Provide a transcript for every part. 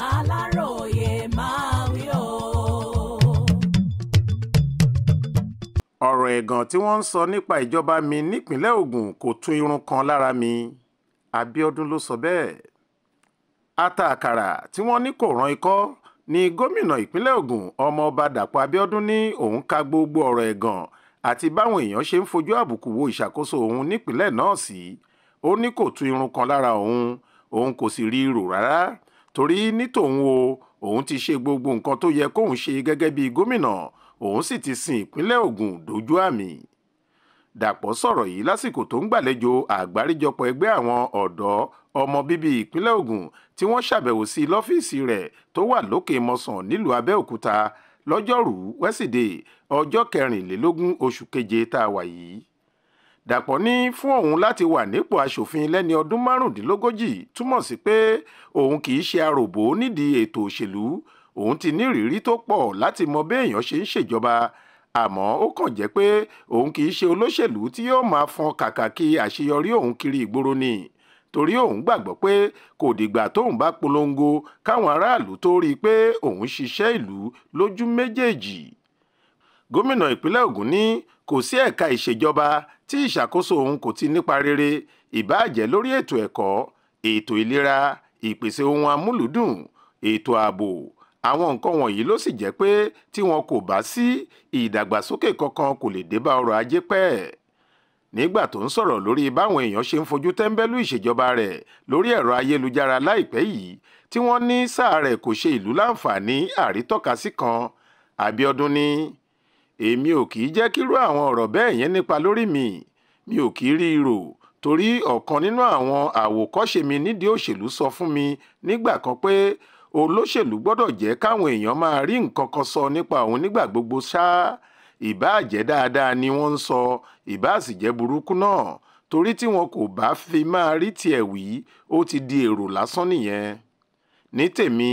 aláròye máa wí o. ọ̀rọ̀ ẹ̀gàn tí wọ́n ń sọ nípa ìjọba mi nípínlẹ̀ Ògùn kò tún irun kan lára mi Abíọ́dún ló sọ bẹ́ẹ̀ ata àkàrà tí wọ́n ní kò rán ikọ́ ni gómìnà ìpínlẹ̀ Ògùn ọmọọba Dàpọ̀ Abíọ́dún ní òun ka gbogbo ọ̀rọ̀ ẹ̀gàn àti báwọn èèyàn ṣe ń fojú àbùkù wo ìṣàkóso òun nípínlẹ̀ náà sí ó ní kò tún irun kan lára òun òun kò sì rí irò rárá torí ní tòun o òun ti ṣe gbogbo nǹkan tó yẹ kóun ṣe gẹ́gẹ́ bí gómìnà òun sì ti sin ìpínlẹ̀ Ògùn dojú àmì Dàpọ̀ sọ̀rọ̀ yìí lásìkò tó ń gbàlejò àgbáríjọpọ̀ ẹgbẹ́ àwọn ọ̀dọ́ ọmọ bíbí ìpínlẹ̀ Ògùn tí wọ́n ṣàbẹ̀wò sí lọ́fíìsì rẹ̀ tó wà lókè mọ́sàn nílùú Abẹ́òkúta lọ́jọ́rùú wẹ́sídẹ̀ẹ́ ọjọ́ kẹrìnlélógún oṣù keje tá a wà yìí dàpọ̀ ní fún òun láti wà nípò aṣòfin lẹ́ni ọdún márùndínlógójì túmọ̀ sí pé òun kì í ṣe aròbó nídìí ètò òṣèlú òun ti nírìírí tó pọ̀ láti mọ béèyàn ṣe ń ṣèjọba àmọ́ ó kàn jẹ́ pé òun kì í ṣe olóṣèlú tí yóò máa fọn kàkà kí àṣeyọrí òun kiri ìgboro ni torí òun gbàgbọ́ pé kò dìgbà tóun bá polongo káwọn aráàlú tó rí i pé òun ṣiṣẹ́ ìlú lójú méjèèjì gómìnà ìpínlẹ̀ Ògùn ní kò sí ẹ̀ka ìṣèjọba tí ìṣàkóso òun kò ti nípa rere ìbáàjẹ́ lórí ètò ẹ̀kọ́ ètò ìlera ìpèsè ohun amúlùdùn ètò ààbò àwọn nǹkan wọ̀nyí ló sì jẹ́ pé tí wọn kò bá sí ìdàgbàsókè kankan kò lè dé bá ọrọ̀ ajé pẹ́ẹ́ nígbà tó ń sọ̀rọ̀ lórí báwọn èèyàn ṣe ń fojú tẹ́ńbẹ́lú ìṣèjọba rẹ̀ lórí ẹ̀rọ ayélujára láìpẹ́ yìí tí wọ́n ní sáà rẹ̀ kò ṣe ìlú láǹfààní àrítọ́kasí kan Abíọ́dún ní èmi ò kì í jẹ́ kírú àwọn ọ̀rọ̀ bẹ́ẹ̀ yẹn nípa lórí mi mi ò kì í rí i rò torí ọ̀kan nínú àwọn àwòkọ́ṣe mi nídìí òṣèlú sọ fún mi nígbà kan pé olóṣèlú gbọ́dọ̀ jẹ́ káwọn èèyàn máa rí nǹkan kan sọ nípa òun nígbà gbogbo ṣáá ìbáà jẹ́ dáadáa ni wọ́n ń sọ ìbáà sì jẹ́ burúkú náà torí tí wọn kò bá fi máa rí tiẹ̀ wí ó ti di èrò lásán nìyẹn ní tèmi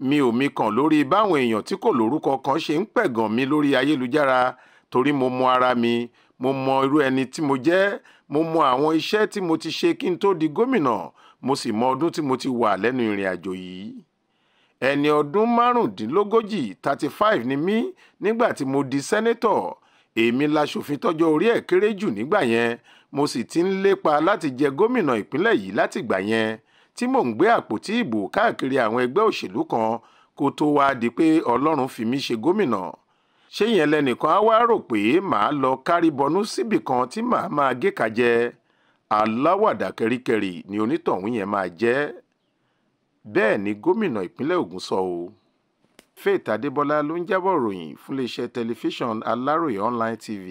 mi ò mi kàn lórí báwọn èèyàn tí kò lórúkọ kan ṣe ń pẹ̀gàn mi lórí ayélujára torí mo mọ ara mi mo mọ irú ẹni tí mo jẹ́ mo mọ àwọn iṣẹ́ tí mo ti ṣe kí n tó di gómìnà mo sì mọ ọdún tí mo ti wà lẹ́nu ìrìn àjò yìí ẹni ọdún márùndínlógójì thirty five ni mí nígbà tí mo di sẹ́nẹ́tọ̀ èmi e láṣòfin tọ́jọ́ orí ẹ̀ kéré jù nígbà yẹn mo sì ti ń lépa láti jẹ gómìnà ìpínlẹ̀ yìí látìgbà yẹn tí mò ń gbé àpótí ìbò káàkiri àwọn ẹgbẹ́ òṣèlú kan kó tó wáá di pé ọlọ́run fi mí ṣe gómìnà ṣé yẹn lẹnìkan á wá rò pé màá lọ kárí bọnú síbì kan tí màá máa gé ka jẹ aláwàdà kẹríkẹrì ni onítọ̀hún yẹn máa jẹ́ bẹ́ẹ̀ ni gómìnà ìpínlẹ̀ Ògùn sọ o Faith Adébọlá ló ń jábọ̀ ròyìn fún iléeṣẹ́ tẹlifíṣàn Aláròyé online tv